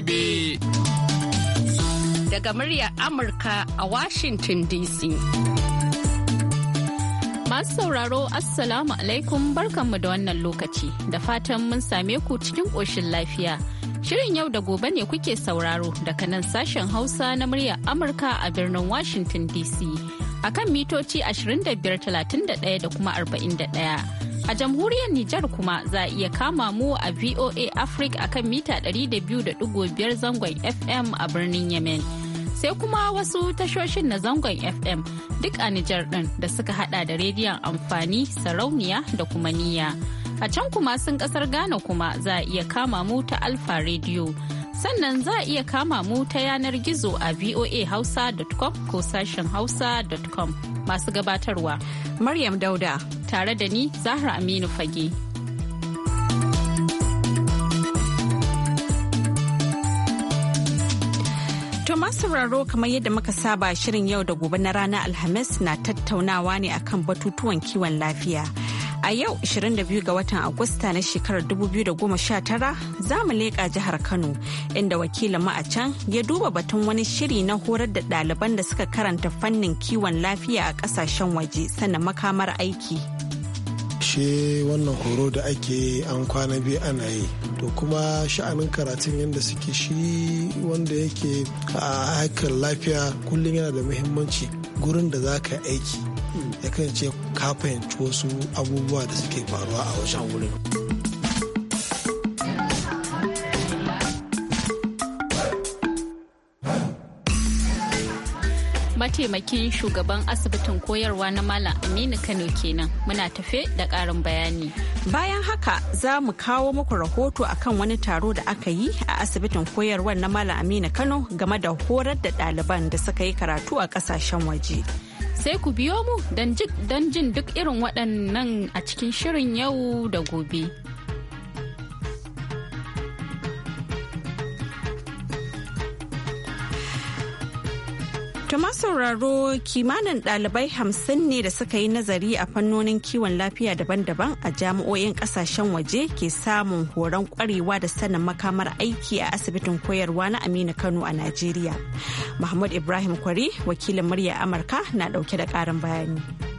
gobe. Daga muryar Amurka a Washington DC. Masu sauraro Assalamu alaikum barkanmu da wannan lokaci da fatan mun same ku cikin ƙoshin lafiya. Shirin yau da gobe ne kuke sauraro daga nan sashen Hausa na muryar Amurka a birnin Washington DC. akan mitoci 31 da kuma 41. A jamhuriyar Nijar kuma za iya kama mu a VOA Africa akan mita 200.5 zangon FM a birnin Yemen. Sai kuma wasu tashoshin na zangon FM duk a Nijar ɗin da suka hada da rediyon amfani sarauniya da kuma niyya. A can kuma sun ƙasar Ghana kuma za a iya kama mu ta Alfa Radio. sannan za a iya kama mu ta yanar gizo a voahausa.com ko sashen hausa.com masu gabatarwa maryam dauda tare da ni zahra aminu fage To sauraro kamar yadda muka saba shirin yau da gobe na ranar Alhamis na tattaunawa ne akan batutuwan kiwon lafiya. a yau 22 ga watan Agusta na shekarar 2019 za mu leƙa jihar Kano inda wakilin mu a can ya duba batun wani shiri na horar da ɗaliban da suka karanta fannin kiwon lafiya a ƙasashen waje sannan makamar aiki. She wannan horo da ake an kwana biyu ana yi. to kuma sha'anin karatun yadda suke shi wanda yake a haikar lafiya kullum yana da muhimmanci gurin da za ka aiki ya ce ka fahimci wasu abubuwa da suke faruwa a wajen wurin. Mataimakin shugaban asibitin koyarwa na Malam Aminu Kano kenan muna tafe da ƙarin bayani. Bayan haka za mu kawo muku rahoto akan wani taro da aka yi a asibitin koyarwa na Malam Aminu Kano game da horar da ɗaliban da suka yi karatu a ƙasashen waje. sai ku biyo mu don jin duk irin waɗannan a cikin shirin yau da gobe. Tuma sauraro kimanin dalibai hamsin ne da suka yi nazari a fannonin kiwon lafiya daban-daban a jami'o'in kasashen waje ke samun horon ƙwarewa da sanin makamar aiki a asibitin koyarwa na Aminu Kano a Najeriya. muhammad Ibrahim Kwari, wakilin murya Amurka, na dauke da karin bayani.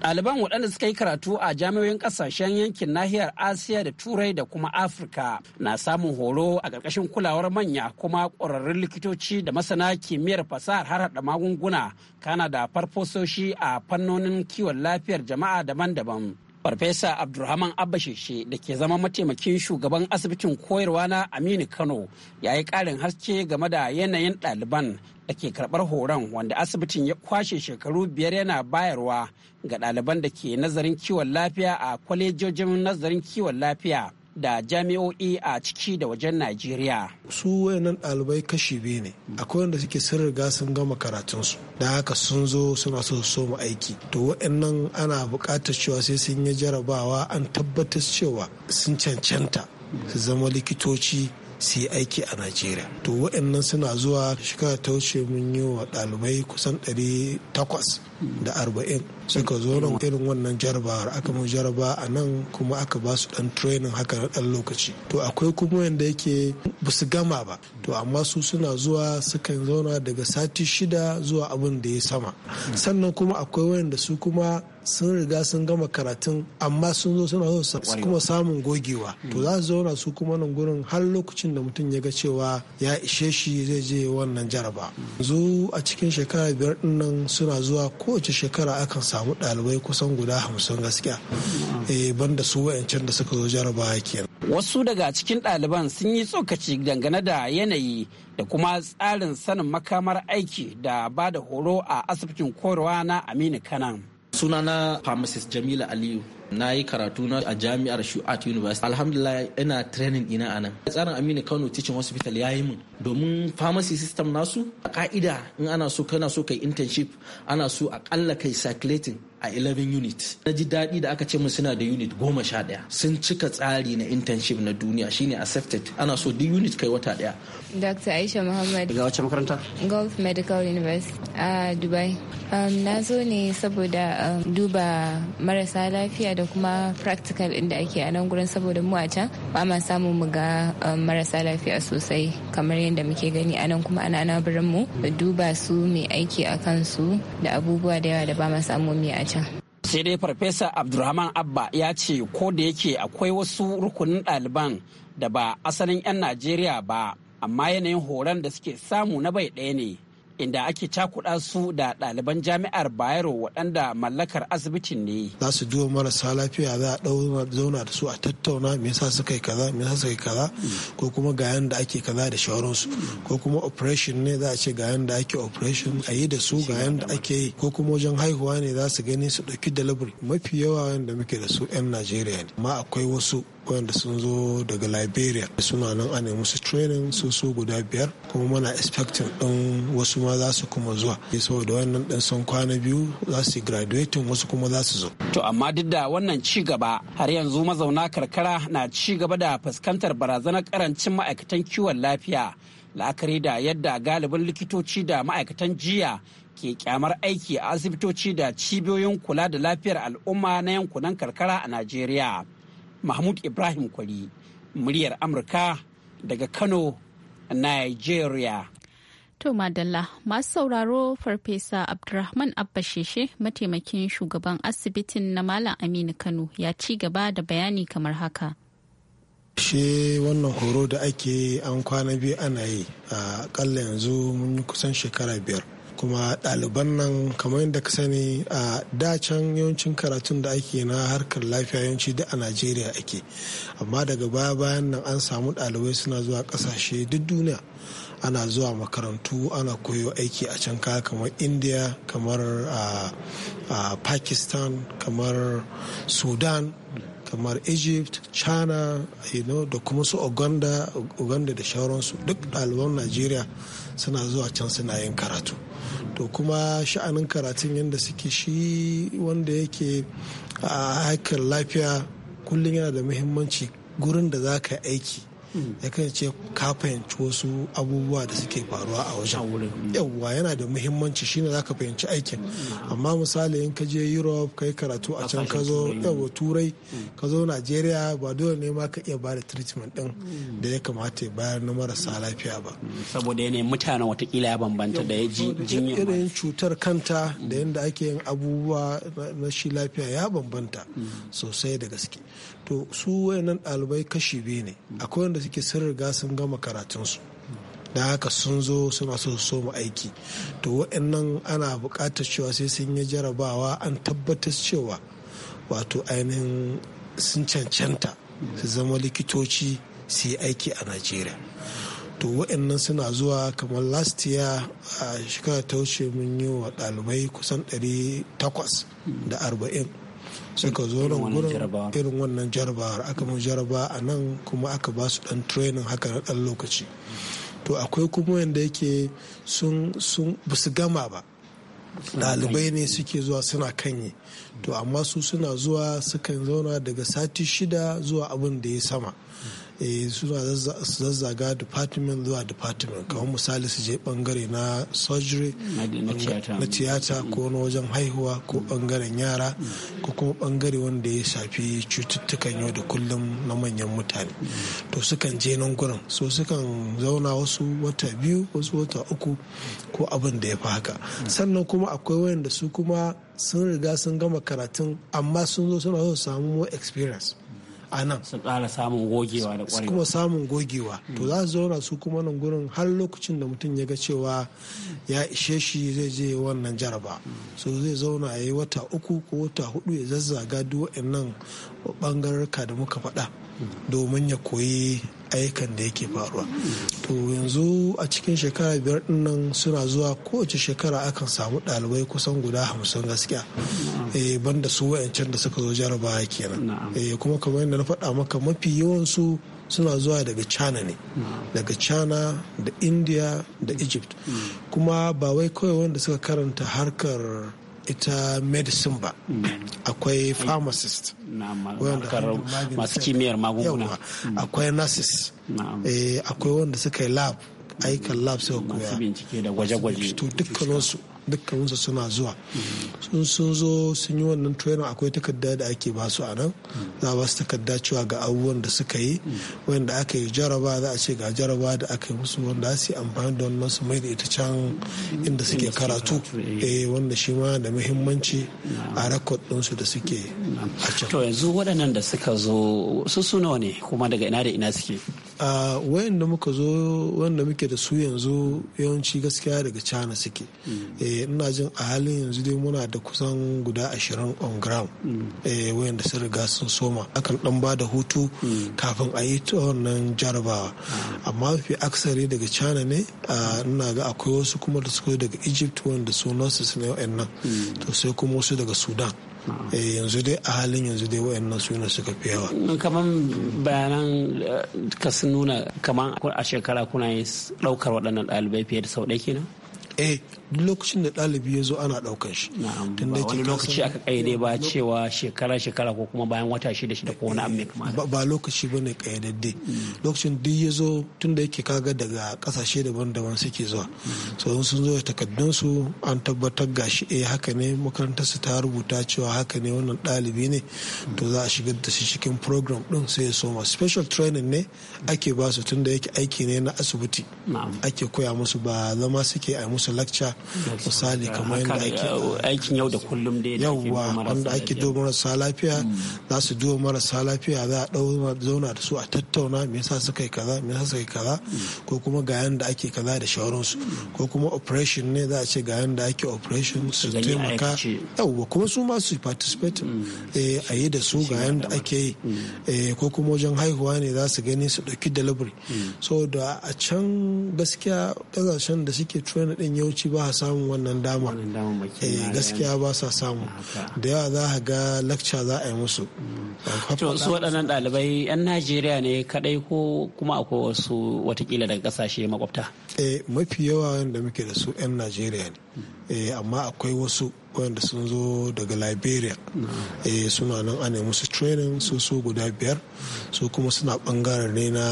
ɗaliban waɗanda suka yi karatu a jami'oyin ƙasashen yankin nahiyar asiya da turai da kuma afirka na samun horo a ƙarƙashin kulawar manya kuma ƙwararrun likitoci da masana kimiyyar fasahar harhaɗa magunguna kana da farfososhi a fannonin kiwon lafiyar jama'a daban-daban Farfesa Abdulrahman Abbasheshe da ke zama mataimakin shugaban asibitin koyarwa na Aminu Kano ya yi ƙarin haske game da yanayin ɗaliban da ke karɓar horon wanda asibitin ya kwashe shekaru biyar yana bayarwa ga ɗaliban da ke nazarin kiwon lafiya a kwalejojin nazarin kiwon lafiya da jami'o'i a ciki da wajen Najeriya. Su wayannan ɗalibai kashi biyu ne, akwai wanda suke sun riga sun gama karatunsu, da haka sun zo suna so su soma aiki. To wayannan ana buƙatar cewa sai sun yi jarabawa an tabbatar cewa sun cancanta su zama likitoci su yi aiki a najeriya to waɗannan suna zuwa shekara ta wuce mun yi wa ɗalibai kusan ɗari takwas da arba'in suka zo nan irin wannan jarabawar aka mu jaraba a nan kuma aka ba su ɗan training haka na ɗan lokaci to akwai kuma yanda yake ba su gama ba to amma su suna zuwa sukan zauna daga sati shida zuwa abin da ya sama sannan kuma akwai wanda su kuma sun riga sun gama karatun amma sun zo suna zo su kuma samun gogewa to hmm. za su zauna su kuma nan gurin har lokacin da mutum ya ga cewa ya ishe shi zai je wannan jaraba zu a cikin shekara biyar din nan suna zuwa kowace shekara akan samu ɗalibai kusan guda hamsin gaskiya hmm. eh banda su wayancan da suka zo jaraba kenan wasu daga cikin ɗaliban sun yi tsokaci dangane da yanayi da kuma tsarin sanin makamar aiki da bada horo a asibitin korowa na aminu kanan sunana pharmacist jamila aliyu na yi karatu na a jami'ar shu'at university alhamdulillah ina training ina a nan tsarin aminu kano teaching hospital ya yi mun domin pharmacy system nasu a ka'ida in ana so kana so kai internship ana so akalla kai circulating a 11 unit na ji daɗi da aka ce mu suna da unit goma sha ɗaya sun cika tsari na internship na duniya shine accepted ana so duk unit kai wata ɗaya dr aisha muhammad daga wace makaranta gulf medical university a dubai um, na zo ne saboda um, duba marasa lafiya da kuma practical inda ake a nan gurin saboda mu a can ba ma samu mu ga um, marasa lafiya sosai kamar yadda muke gani a nan kuma ana na mu duba su mai aiki a kansu da abubuwa da yawa da ba ma samu mu a can sai dai farfesa abdulrahman abba ya ce ko da yake akwai wasu rukunin ɗaliban da ba asalin 'yan najeriya ba amma yanayin horon da suke samu na bai ɗaya ne inda ake cakuɗa su da ɗaliban jami'ar bayero waɗanda mallakar asibitin ne za su duba marasa lafiya za a zauna da su a tattauna me yasa suka yi kaza me yasa suka yi kaza ko kuma ga yanda ake kaza da shawararsu ko kuma operation ne za a ce ga yanda ake operation a yi da su ga yanda ake yi ko kuma wajen haihuwa ne za su gani su ɗauki delivery mafi yawa yanda muke da su 'yan najeriya ne amma akwai wasu wanda sun zo daga liberia suna nan nemi su training su su guda biyar kuma muna expecting ɗin wasu ma za su kuma zuwa saboda wannan ɗin sun kwana biyu za su graduating wasu kuma za su zo to amma duk da wannan ci gaba har yanzu mazauna karkara na ci gaba da fuskantar barazanar karancin ma'aikatan kiwon lafiya la'akari da yadda galibin likitoci da ma'aikatan jiya ke kyamar aiki a asibitoci da cibiyoyin kula da lafiyar al'umma na yankunan karkara a najeriya mahmud ibrahim kwari muryar amurka daga kano nigeria To Madalla masu sauraro Farfesa Abdulrahman Abba Sheshe mataimakin shugaban asibitin na Malam Aminu Kano ya ci gaba da bayani kamar haka. Shi wannan horo da ake an kwana biyu ana yi a ƙalla yanzu mun kusan shekara biyar. kuma ɗaliban nan kamar yadda ka sani a dacan yawancin karatun da ake na harkar lafiya yawanci da a najeriya ake amma daga baya bayan nan an samu ɗalibai suna zuwa ƙasashe duk duniya ana zuwa makarantu ana koyo aiki a can kaya kamar india kamar uh, pakistan kamar sudan kamar egypt china you da kuma su uganda uganda da shauransu duk ɗaliban najeriya suna zuwa can suna yin karatu to kuma sha'anin karatun yadda suke shi wanda yake a haikar lafiya kullum yana da muhimmanci gurin da za ka aiki ya kasance ka fahimci wasu abubuwa da suke faruwa a wajen yauwa yana da muhimmanci shine ka fahimci aikin amma misali in ka je europe kai karatu a can ka zo yawwa turai mm. ka zo najeriya ba dole ne ma ka iya ba da treatment din da ya kamata ya bayar na marasa lafiya ba saboda yanayin mutanen watakila ya bambanta da ya ji jinya irin cutar kanta da mm. yadda ake yin abubuwa na shi lafiya ya bambanta mm. sosai da gaske to su wayannan ɗalibai kashi biyu ne akwai wanda suke sun riga sun gama karatunsu da haka sun zo suna so su soma aiki to wayannan ana buƙatar cewa sai sun yi jarabawa an tabbatar cewa wato ainihin sun cancanta su zama likitoci su yi aiki a najeriya to wayannan suna zuwa kamar last year a shekara ta wuce mun yi wa ɗalibai kusan da 840 suka zo nan gurin irin wannan jarabawar aka mu jaraba a nan kuma aka ba su dan training haka na dan lokaci to akwai kuma wanda yake sun sun su gama ba dalibai ne suke zuwa suna kanye to amma su suna zuwa sukan zauna daga sati shida zuwa abin da ya sama suna eh, su zazzaga department zuwa department kamar misali su je bangare na surgery na tiyata ko na wajen haihuwa ko bangaren yara ko kuma bangare wanda ya shafi cututtukan yau da kullum na manyan mutane to sukan je nan gurin so sukan zauna wasu wata biyu wasu wata uku ko abin da ya fi haka sannan kuma akwai wayanda su kuma sun riga sun gama karatun amma sun zo suna so samu experience a nan su ƙara samun gogewa da ƙwarewa kuma samun gogewa to za su zauna su kuma nan gurin har lokacin da mutum ya ga cewa ya ishe shi zai je wannan jaraba so zai zauna a yi wata uku ko wata hudu ya zazzaga duk waannan bangarurka da muka faɗa domin ya koyi ayyukan da yake faruwa to yanzu a cikin shekara biyar dinnan suna zuwa kowace shekara akan samu dalibai kusan guda hamsin gaskiya eh, banda su wayancan da suka zo jarabawa kenan eh, kuma kamar yadda na faɗa maka mafi yawan su suna zuwa daga china ne daga china da india da egypt mm. kuma ba wai kawai wanda suka karanta harkar ita medicine ba mm. akwai pharmacist masu kimiyyar magunguna mm. akwai nurses eh, akwai wanda suka yi lab aikin lab suka koya masu bincike da gwaje-gwaje to su dukkaninsu suna zuwa sun sun zo sun yi wannan training akwai takarda da ake ba su a nan za ba su takarda cewa ga abubuwan da suka yi wanda aka yi jaraba za a ce ga jaraba da aka yi musu wanda su yi amfani da wannan su mai da ita can inda suke karatu eh. eh wanda shi ma da muhimmanci a rakod ɗinsu da suke a can. to yanzu waɗannan da suka zo su suna nawa ne kuma daga ina da ina suke a wayan da muka zo wanda muke da su yanzu yawanci gaskiya daga china suke mm. eh, ina jin a halin yanzu dai muna da kusan guda ashirin on ground mm. eh, wayan da sun riga sun soma akan dan ba da hutu mm. kafin a yi ta wannan jarabawa amma fi aksari daga china ne ina ga akwai wasu kuma da suka daga egypt wanda su nurses ne nan to sai kuma wasu daga sudan Eh, yanzu dai a halin yanzu dai wayannan suna suka fi yawa kamar bayanan eh, ka sun nuna kamar a shekara kuna yi ɗaukar waɗannan ɗalibai fiye da sau ɗaya kenan eh duk lokacin da ɗalibi ya zo ana ɗaukan shi. Ba wani lokaci aka ƙayyade ba cewa shekara shekara ko kuma bayan wata shida shida ko wani Ba lokaci ba ne ƙayyadadde. Lokacin duk ya zo tun da yake kaga daga ƙasashe daban-daban suke zuwa. So sun zo da su an tabbatar ga shi. eh haka ne makarantar su ta rubuta cewa haka ne wannan ɗalibi ne to za a shigar da shi cikin program ɗin sai ya soma special training ne ake ba su tun da yake aiki ne na asibiti ake koya musu ba zama suke a musu lecture misali kamar yadda ake aikin yau da kullum dai yawwa wanda ake duba marasa lafiya hmm. za su duba marasa lafiya za a dau zauna da su a tattauna me yasa suka yi kaza me yasa suka yi kaza hmm. ko kuma ga yanda ake kaza da su hmm. ko kuma operation ne za a ce ga yanda ake operation su taimaka yawwa kuma su ma su participate eh, a yi da su ga yanda ake yi eh, ko kuma wajen haihuwa ne za su gani su ɗauki delivery so da a can gaskiya kasashen da suke training din yawanci ba samun wannan dama eh, gaskiya ba sa samu da yawa za a ga lakca za a yi musu mm. su waɗannan ɗalibai 'yan najeriya ne kadai ko kuma akwai wasu watakila daga kasashe makwabta eh, mafi yawa da muke da su 'yan najeriya ne eh, amma akwai wasu wanda sun zo daga liberia mm. suna nan ana musu training su su guda biyar su kuma suna bangare ne na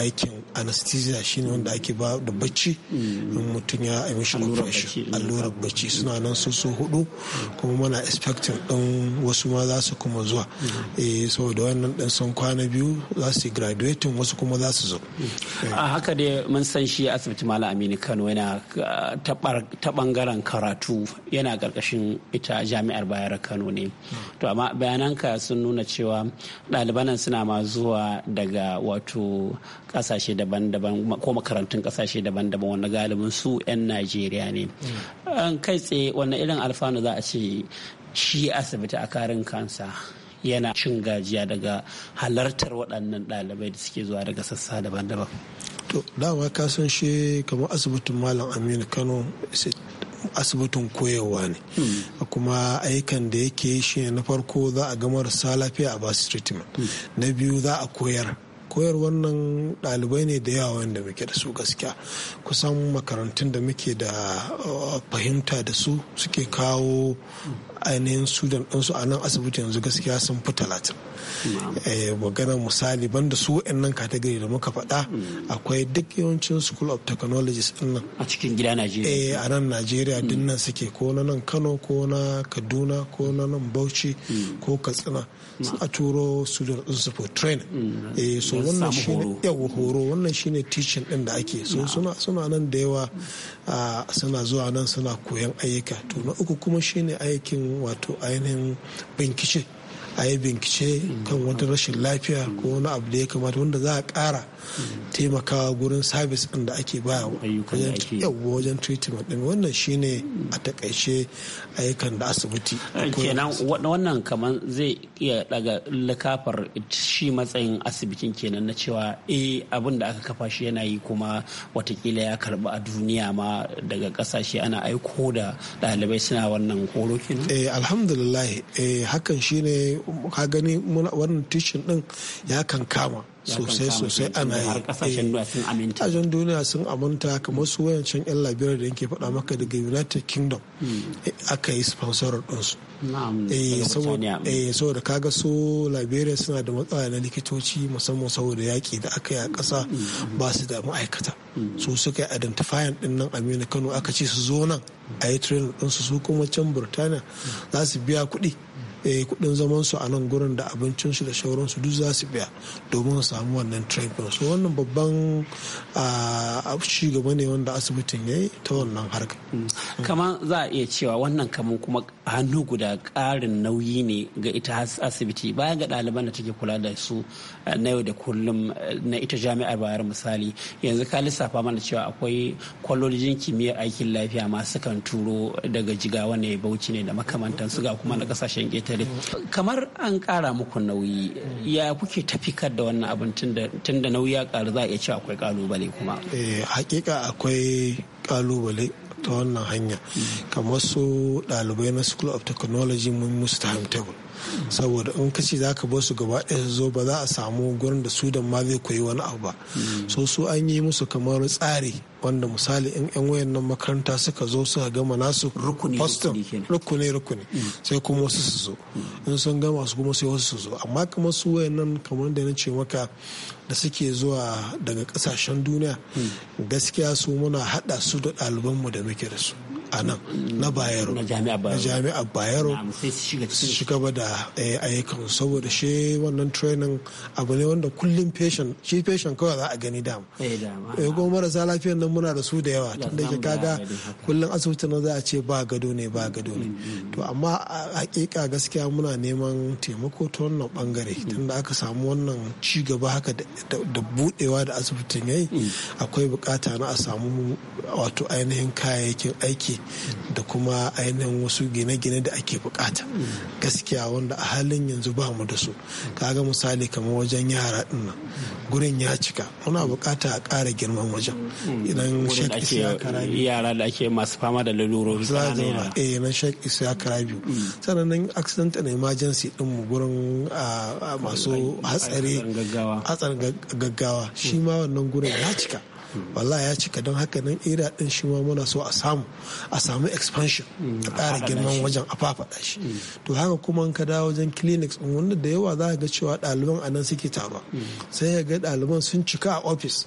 aikin anesthesia shine wanda ake ba da bacci mm. in mutum ya yi mishi allurar mm. bacci suna nan su so hudu mm. kuma muna expecting din wasu ma za su kuma zuwa eh saboda wannan dan sun kwana biyu za su graduating wasu kuma za su zo a haka dai mun san shi asibiti malam aminu kano yana ah, ta bangaren karatu yana karkashin ita jami'ar bayar kano ne to amma bayananka sun nuna cewa ɗaliban suna ma zuwa daga wato kasashe daban-daban ko makarantun kasashe daban-daban wanda galibin su 'yan najeriya ne kai tsaye wani irin alfanu za a ce shi asibiti a karin kansa yana cin gajiya daga halartar waɗannan ɗalibai da suke zuwa daga sassa daban-daban to dama ka san shi kamar asibitin malam aminu kano asibitin koyarwa ne hmm. kuma aikan da yake shi na farko za a ga marasa lafiya a basu treatment hmm. na biyu za a koyar koyarwar nan ɗalibai ne da yawa wanda muke da su gaskiya kusan makarantun da muke da uh, fahimta da su suke kawo ainihin student ɗinsu a nan asibiti yanzu gaskiya sun fi talatin eh, magana misali ban da su nan katagiri da muka faɗa akwai duk yawancin school of technologies ɗin nan a cikin gida najeriya eh, a nan najeriya din nan suke ko na nan kano ko na kaduna ko na nan bauchi ko katsina a turo student ɗansu for training mm. eh, so wannan ne yawa hmm. horo wannan shine teaching din da ake so suna suna nan da yawa suna zuwa nan suna koyan ayyuka to na uku kuma shi ne aikin wato ainihin bincike a yi bincike kan wata rashin lafiya ko wani abu da ya kamata wanda za a ƙara taimakawa gurin sabis ɗin da ake ba wajen treatment ɗin wannan shine a takaice ayyukan da asibiti eh, kenan wannan kamar zai iya daga likafar shi matsayin asibitin kenan na cewa eh abin da aka kafa shi yana yi kuma watakila ya karba a duniya ma daga kasashe ana aiko da ɗalibai suna wannan horo kenan eh alhamdulillah eh hakan shine ka gani wannan tishin din ya kan kama sosai sosai ana yi eh, duniya sun aminta kamar su wayancan yan labirar da yake faɗa maka daga united kingdom hmm. eh, aka yi sponsor ɗinsu eh, saboda kaga su liberia suna da matsala na likitoci musamman saboda yaƙi da aka yi a ƙasa hmm. ba su da ma'aikata hmm. su suka yi identifying ɗin nan amina kano aka ce su zo nan a yi training ɗinsu su kuma can burtaniya za su biya kuɗi Eh, kudin zaman su a nan gurin da abincin su da su duk za su biya domin su samu wannan treatment so wannan babban ci gaba ne wanda asibitin ya yi ta wannan harka mm. kamar za a iya cewa wannan kamar kuma hannu guda ƙarin nauyi ne ga ita asibiti bayan ga ɗaliban da take kula da su eh, na yau da kullum eh, na ita jami'ar bayar misali yanzu ka lissafa mana cewa akwai kwallolijin kimiyyar aikin lafiya masu kan turo daga jigawa ne bauchi ne da makamantan su ga kuma na kasashen ƙetare kamar an ƙara muku nauyi ya kuke tafikar da wannan abin tun da nauyi ya ƙaru za a iya cewa akwai ƙalubale kuma. Eh, hakika akwai ƙalubale ta wannan hanya kamar su ɗalibai na school of technology mun musu timetable saboda in kace za ka bar su gaba ɗaya su zo ba za a samu gurin da su da ma zai koyi wani abu ba so su an yi musu kamar tsari wanda misali in yan wayan nan makaranta suka zo suka gama nasu rukuni rukuni sai kuma wasu su zo in sun gama su kuma sai wasu su zo amma kamar su wayan nan kamar da na ce maka da suke zuwa daga kasashen duniya gaskiya su muna hada su da ɗalibanmu da muke da su a nan na bayero na jami'ar bayero su shi gaba da eh, ayyukan saboda shi wannan training abu ne wanda kullum patient shi patient kawai za a gani dam eh goma eh, marasa lafiyan nan muna da su da yawa tun da kaga kullum asibiti na za a ce ba gado ne ba gado ne mm, mm, mm. to amma a hakika gaskiya muna neman taimako ta wannan bangare tunda aka samu wannan ci gaba haka da budewa da asibitin yayi akwai bukata na a samu wato ainihin kayayyakin aiki da kuma ainihin wasu gine-gine da ake bukata gaskiya wanda a halin yanzu ba mu da su kaga misali kamar wajen yara din nan gurin ya cika muna bukata a kara girman wajen idan su ya yara da ake masu fama da lalurori zauna eh na shek isa karabi mm. sannan nan accident and emergency din mu gurin masu hatsari hatsarin gaggawa shi ma wannan gurin ya cika wallahi ya cika don haka nan area din shi ma muna so a samu a samu expansion mm, a ƙara girman wajen a fafaɗa shi mm. to haka kuma ka dawo wajen clinics in wanda da yawa za ga cewa ɗaliban a nan suke taruwa mm. sai ga ɗaliban sun cika a office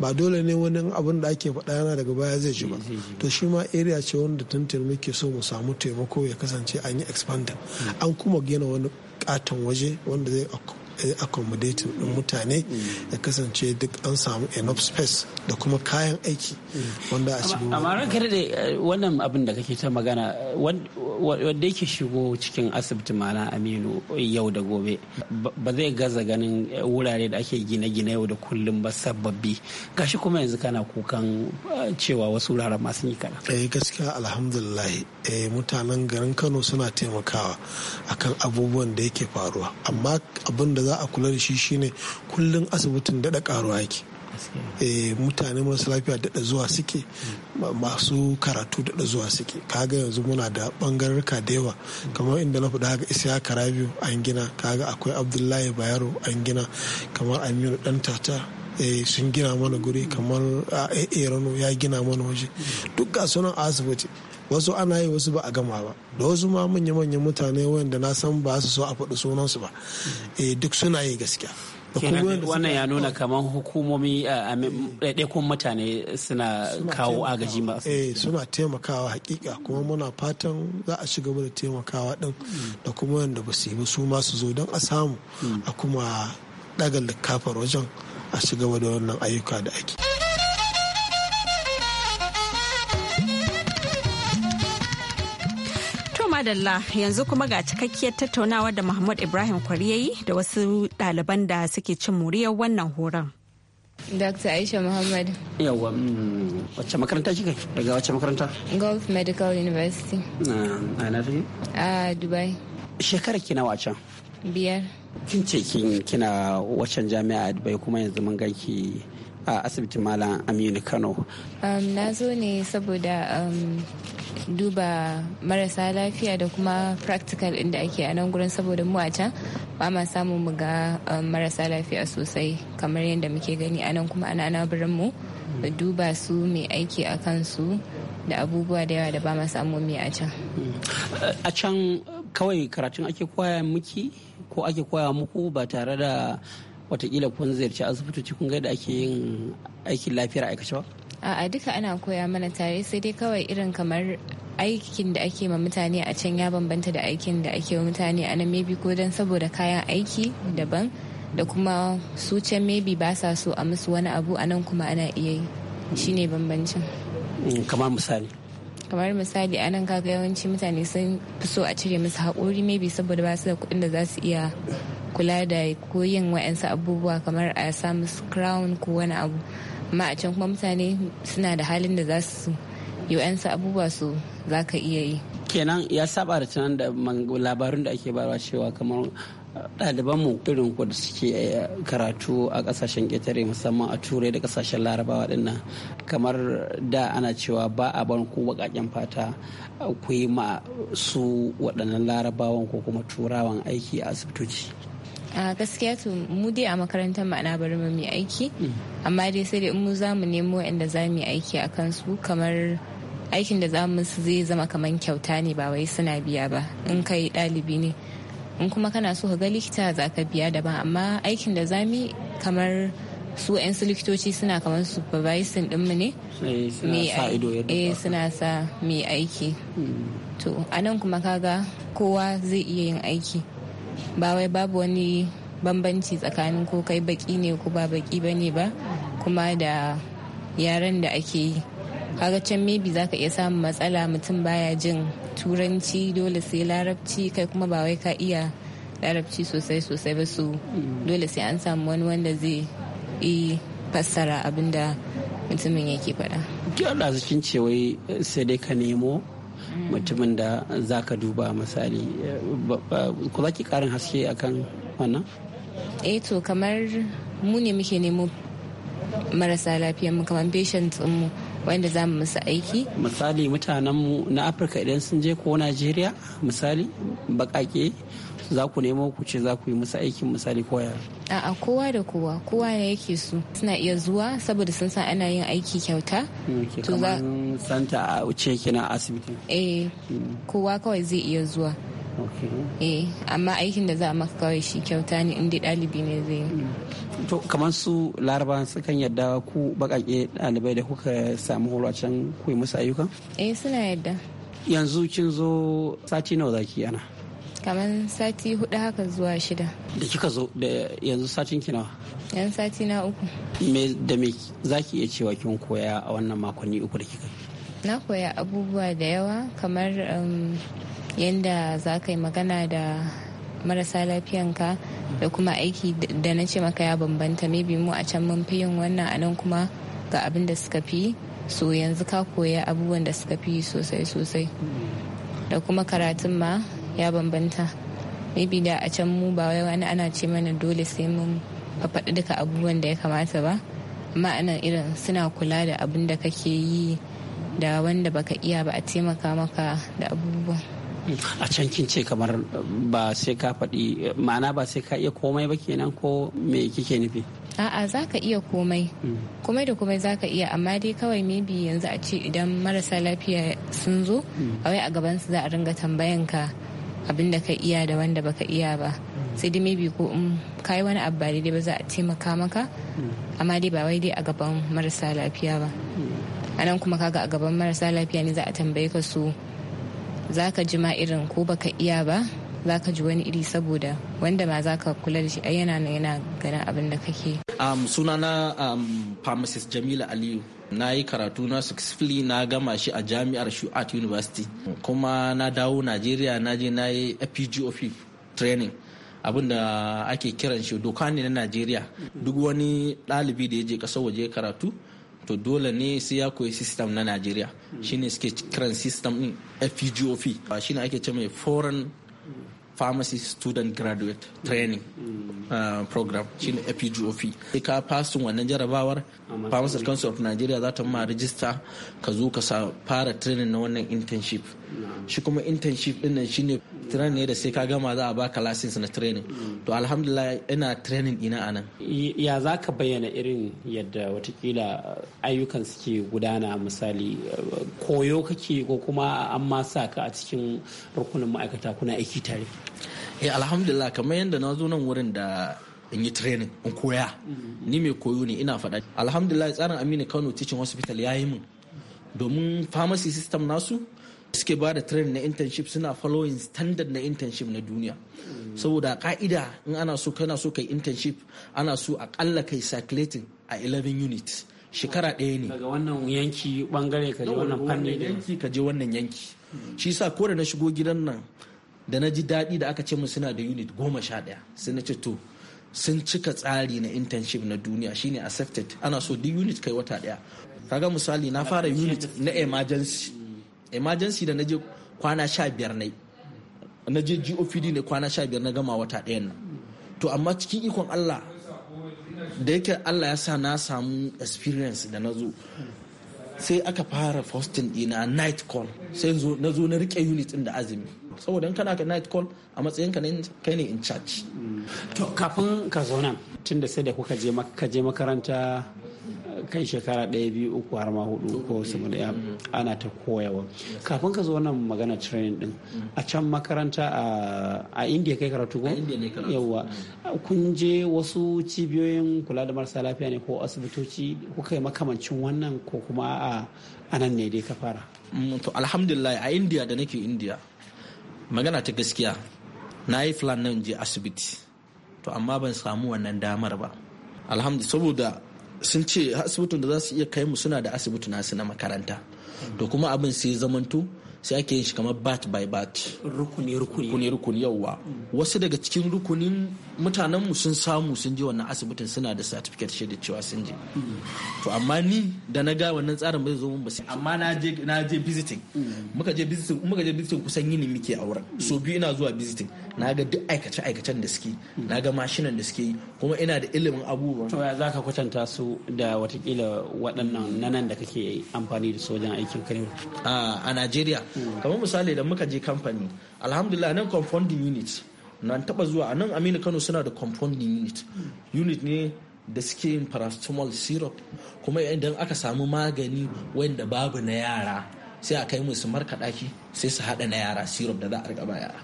ba dole ne wani abin da ake faɗa yana daga baya zai ji ba to shi ma area ce wanda tuntun muke so mu samu taimako ya kasance an yi expanded an kuma gina wani katon waje wanda zai accommodating ɗin mutane ya kasance duk an samu enough space da kuma kayan aiki wanda a shigo amma da eh, wannan abin da kake ta magana wanda yake shigo cikin asibiti mana aminu yau da gobe ba zai gaza ganin eh, wurare da ake gine-gine yau da kullum ba sababbi gashi kuma yanzu kana kukan eh, cewa wasu wuraren masu yi kana eh gaskiya alhamdulillah eh mutanen garin kano suna taimakawa akan abubuwan da yake faruwa amma abin da za za a kula da shi shine kullum asibitin daɗa ƙaruwa yake eh, mutane masu lafiya daɗa zuwa suke masu karatu daɗa zuwa suke kaga yanzu muna da ɓangararka da yawa kamar inda na fuɗa haka isya karabiyu an gina kaga akwai abdullahi bayero an gina kamar aminu ɗan tata eh, sun gina mana guri kamar ah, a ya gina mana waje duk ga sunan asibiti wasu ana yi wasu ba a gama ba da wasu ma manya-manyan mutane wanda na san ba su so a faɗi sunansu ba eh, duk suna yi gaskiya wannan ya nuna kamar hukumomi eh, ɗaiɗaikun mutane suna kawo agaji ba eh suna taimakawa hakika kuma muna fatan za a shiga da taimakawa ɗin da kuma wanda ba su yi ba su ma su zo don a samu a kuma ɗaga likafar wajen a shiga da wannan ayyuka da ake madalla yanzu kuma ga cikakkiyar tattaunawa da Muhammad Ibrahim Kwariyayi da wasu ɗaliban da suke cin muriyar wannan horon. Dr. Aisha Muhammad. Yawwa, mm, wacce makaranta kika daga wacce makaranta? Gulf Medical University. A na fi? A Dubai. Shekara kina wacan? Biyar. Kin ce kina waccan jami'a a Dubai kuma yanzu mun ganki a asibitin malam aminu kano um, na zo ne saboda um, duba marasa lafiya da kuma practical inda ake a nan gurin saboda mu a can ba ma samun mu ga um, marasa lafiya sosai kamar yadda muke gani a nan kuma ana birin mu duba su mai aiki a kansu da abubuwa da yawa da ba ma samu mai a can a can kawai karatun ake koya muki ko ake koya muku ba tare da watakila kun ziyarci asibitoci kun ga da ake yin aikin lafiyar aikace ba? A'a duka ana koya mana tare sai dai kawai irin kamar aikin da ake ma mutane a can ya bambanta da aikin da ake wa mutane a nan ko don saboda kayan aiki daban da kuma su can maybe ba sa so a musu wani abu a nan kuma ana iya yi shine bambancin. Mm, kamar misali. kamar misali a nan kaga yawanci mutane sun fi so a cire musu haƙori maybe saboda ba su da kuɗin da za su iya kula da ko yin wa'ansu abubuwa kamar a samu crown ko wani abu amma a can kuma mutane suna da halin da za su yi wa'ansu abubuwa su za ka iya yi kenan ya saba da tunan da labarun da ake barwa cewa kamar uh, mu irin ku da suke uh, karatu a kasashen ƙetare musamman a turai da kasashen larabawa dinnan kamar da ana cewa ba a ban ku baƙaƙen fata uh, ku yi ma su waɗannan larabawan ko kuma turawan aiki a asibitoci a gaskiya to mu dai a makarantar mu ana bari mu yi aiki amma dai sai dai mu za mu nemo inda za mu aiki a kansu kamar aikin da za mu zai zama kamar kyauta ne ba wai suna biya ba in kai ɗalibi ne in kuma kana so ka ga likita za ka biya daban amma aikin da za mu kamar su 'yan su likitoci suna kamar supervising mu ne eh, suna sa mai aiki hmm. to anan nan kuma kaga kowa zai iya yin aiki ba wai babu wani bambanci tsakanin ko kai baki ne ko ba baki ba ne ba kuma da yaren da ake yi kaga can maybe za ka iya samun matsala mutum baya jin turanci dole sai larabci kai kuma ba wai ka iya larabci sosai sosai ba su dole sai an samu wani wanda zai yi fassara abinda mutumin yake faɗa. Ki Allah cikin eh, sai dai ka nemo mutumin da za ka duba misali ku za ki karin haske akan wannan eh to kamar mu ne muke nemo marasa lafiya mu kamar patient mu wanda za mu musu aiki misali mutanenmu na afirka idan sun je ko najeriya misali bakake za ku nemo ku ce za ku yi musu aikin misali koya a'a kowa da kowa kowa ya yake su suna iya zuwa saboda sun san ana yin aiki kyauta hmm, to za santa a wuce kina asibiti eh hmm. kowa kawai zai iya zuwa eh amma aikin da za a maka kawai shi kyauta ne inda ɗalibi ne zai yi mm. to kamar su laraba sukan yadda ku bakake ɗalibai da kuka samu horo a can ku yi musu ayyuka eh suna yadda yanzu kin zo sati nawa zaki yana kamar sati hudu haka zuwa shida da kika zo da yanzu satin ki nawa yan sati na uku me da me zaki iya cewa kin koya a wannan makonni uku da kika na koya abubuwa da yawa kamar um, yadda za ka yi magana da marasa lafiyanka da kuma aiki da na ce maka ya bambanta maybe mu a can mun fi yin wannan a nan kuma ga abin da suka fi so yanzu ka koya abubuwan da suka fi sosai sosai da kuma karatun ma ya bambanta maybe da a can mu ba wani ana ce mana dole sai mun faɗi duka abubuwan da ya kamata ba amma anan irin suna kula da abin da kake yi da wanda baka iya ba a taimaka maka da abubuwan a can kin ce kamar ba sai ka faɗi ma'ana ba sai ka iya komai ba kenan ko me kike nufi a'a za ka iya komai mm. komai da komai za ka iya amma dai kawai maybe yanzu a ce idan marasa lafiya sun zo mm. a wai a gaban su za a ringa tambayan ka abin da ka iya da wanda baka iya ba mm. sai dai maybe ko in ka wani abu ba ba za a taimaka maka amma dai ba wai dai a gaban marasa lafiya ba anan kuma kaga a gaban marasa lafiya ne za a tambaye ka su za ka ji ma irin ko baka iya ba za ka ji wani iri saboda wanda ma za ka kula da shi a yana yana ganin abin da kake. Um, na um, pharmacist Jamila Aliyu na yi karatu na successfully na gama shi a jami'ar Shu'at University kuma na dawo Najeriya na je na yi FPGOP training abin da ake kiran shi doka ne na Najeriya duk wani ɗalibi da ya je ƙasar waje karatu to dole ne sai ya koyi system na najeriya shine suke kiran system din fgof shine ake ce mai foreign pharmacy student graduate training mm. uh, program shine FGOP. sai ka fasin wannan jarabawar pharmacy council of nigeria za ta ma rijista ka zo ka fara training na wannan internship shi kuma internship din nan shine training ne da sai ka gama za a baka license na training mm. to alhamdulillah ina training ina anan ya za ka bayyana irin yadda watakila uh, ayyukan suke gudana misali uh, koyo kake ko kuma an ma sa ka a cikin rukunin ma'aikata kuna aiki tare eh alhamdulillah kamar yadda na zo nan wurin da in yi training in koya ni mai koyo ne ina faɗa alhamdulillah tsarin aminu kano teaching hospital ya yi min domin pharmacy system nasu suke ba da training na internship suna following standard na internship na duniya saboda ka'ida in ana so kana so kai internship ana so akalla kai circulating a 11 units shekara ɗaya ne daga wannan yanki bangare ka je wannan fanni yanki ka je wannan yanki shi sa ko da na shigo gidan nan da na ji daɗi da aka ce mu suna da unit goma sha ɗaya sai na ce to sun cika tsari na internship na duniya shine accepted ana so duk unit kai wata ɗaya kaga misali na fara unit na emergency emergency da na je kwana sha biyar na na je gopd ne kwana sha biyar na gama wata ɗaya nan to amma cikin ikon allah da yake allah ya sa na samu experience da na zo sai aka fara fostin dina night call sai na zo na rike unit ɗin da azumi saboda in kana ka night call a matsayin ka kai ne in charge to kafin ka zo nan tun da sai da kuka je ka je makaranta eh, kai shekara ɗaya biyu uku har ma hudu ko sama da ana ta koyawa kafin ka zo nan magana training din a can makaranta a indiya kai karatu ko yawa kun je wasu cibiyoyin kula da marasa lafiya ne ko asibitoci kuka yi makamancin wannan ko kuma a nan ne dai ka fara mm, to alhamdulillah a indiya da nake indiya magana ta gaskiya na yi filan nan je asibiti to amma ban samu wannan damar ba alhamdu saboda sun ce asibitin da za su iya kai mu suna da asibiti nasu na makaranta to kuma abin sai zamanto sai ake yin shi kamar bat by bat rukuni rukuni rukuni yauwa mm. wasu daga cikin rukunin mutanen mu sun samu sun je wannan asibitin suna da certificate shaidar cewa sun je mm. to amma ni da na ga wannan tsarin bai zo mun ba sai amma na je na je visiting mm. muka je visiting muka je visiting kusan yini muke a wurin so biyu ina zuwa visiting na ga duk aikace aikacen da suke na ga mashinan da suke kuma ina da ilimin abubuwa. to ya zaka kwatanta su da watakila waɗannan nanan da kake amfani da sojan aikin kare a Najeriya kamar misali da muka je kamfani alhamdulillah nan confounding unit na taba zuwa a nan aminu kano suna da confounding unit unit ne da suke yin paracetamol syrup kuma idan aka samu magani wanda babu na yara sai a kai musu markaɗaki sai su haɗa na yara syrup da za a riga ba yara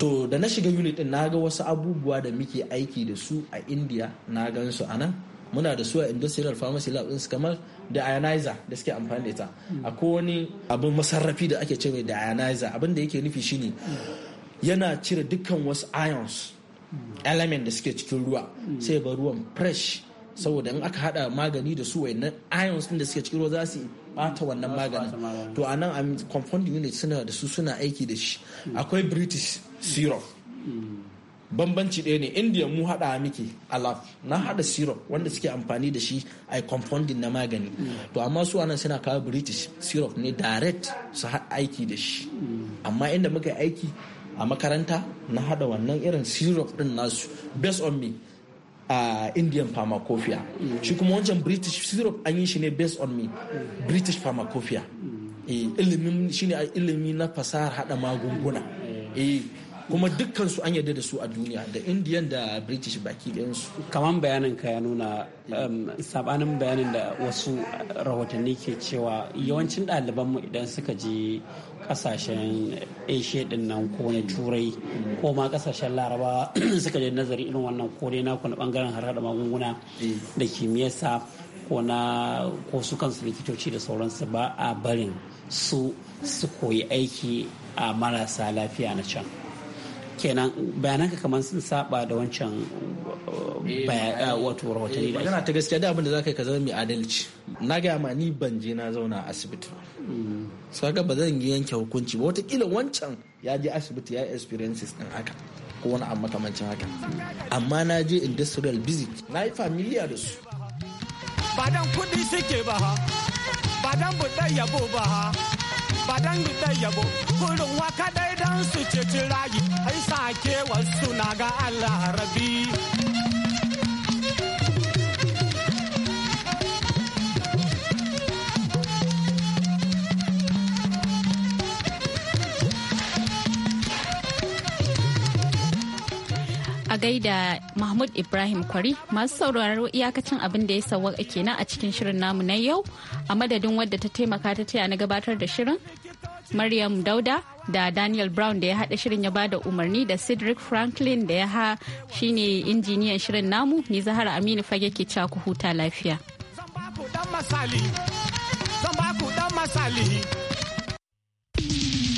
to da na shiga unit din na ga wasu abubuwa da muke aiki da su a india na gan su a nan muna da su a industrial pharmacy lab kamar da ionizer da suke amfani da ita akwai wani abin masarrafi da ake cewa da ionizer abin da yake nufi shine yana cire dukkan wasu ions element da suke cikin ruwa sai ba ruwan fresh saboda in aka hada magani da su na ions din da suke cikin ruwa za su bata wannan maganin to a nan confounding unit suna da su suna aiki da shi akwai british syrup bambanci ɗaya ne indiya mu haɗa muke alaf na haɗa syrup wanda suke amfani da shi a compounding na magani to amma su anan suna kawo british syrup ne direct su aiki da shi amma inda muka aiki a makaranta na haɗa wannan irin syrup ɗin nasu based on me a indian pharmacopoeia shi kuma wancan british syrup an yi shi ne based on me british pharmacopoeia eh, ilimin shine ilimi na fasahar haɗa magunguna eh kuma dukkan su an yarda da su a duniya da indiyan da british baki ɗayan su kaman bayanin ka ya nuna um, sabanin bayanin da wasu rahotanni ke cewa yawancin ɗaliban mu idan suka je kasashen asia din nan ko na turai ko ma kasashen laraba suka je nazari irin wannan ko dai na kuna bangaren har da magunguna eh. da kimiyyarsa ko na ko su kansu likitoci da sauransu ba a barin su su koyi aiki a marasa lafiya na can kenan bayananka kamar sun saba da wancan uh, eh, uh, wato rahotanni eh, da magana ta gaskiya da abin da zaka yi ka zama mai adalci na ga ma ni ban je na zauna a asibiti mm. so ga ba zan yanke hukunci ba watakila wancan ya je asibiti ya experiences din haka ko wani abu makamancin haka amma na je industrial visit na yi familiya da su ba dan kuɗi suke ba ha ba dan buɗe yabo ba ha ba dangi da yabo kurin waka dai dan su ce rayu ai sake wasu na ga Allah rabbi gaida Mahmud Ibrahim Kwari masu sauraro iyakacin abin da ya sawwaka kenan a cikin shirin namu na yau a madadin wadda ta taimaka ta taya na gabatar da shirin. Maryam Dauda da Daniel Brown da ya haɗa shirin ya bada umarni da Cedric Franklin da ya ha shine injiniyan shirin namu ni Zahara Aminu fage ke ku huta lafiya. Zan ba ku dan masali, zan dan masali.